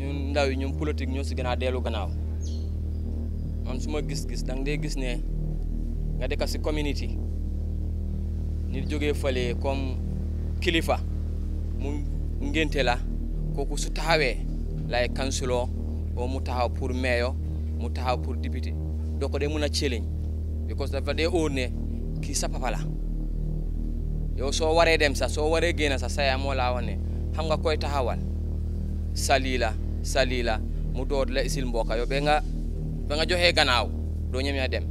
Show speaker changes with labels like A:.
A: ñun ndaw yi ñoom politique ñoo si gën a dellu gannaaw man su ma gis-gis da gis ne nga dëkk si community nit jógee fale comme kilifa mu ngénte la kooku su taxawee lay kansuloo oo mu taxaw pour meeyo mu taxaw pour député doo ko dee mun a céliñ because dafa dee óor ne kii sa papa la yow soo waree dem sax soo waree génn sa yaa moo laa wax ne xam nga koy taxawal salila salila mu dood la isil mboka yo ɓe nga ɓe nga joxe ganaaw doo ñemee dem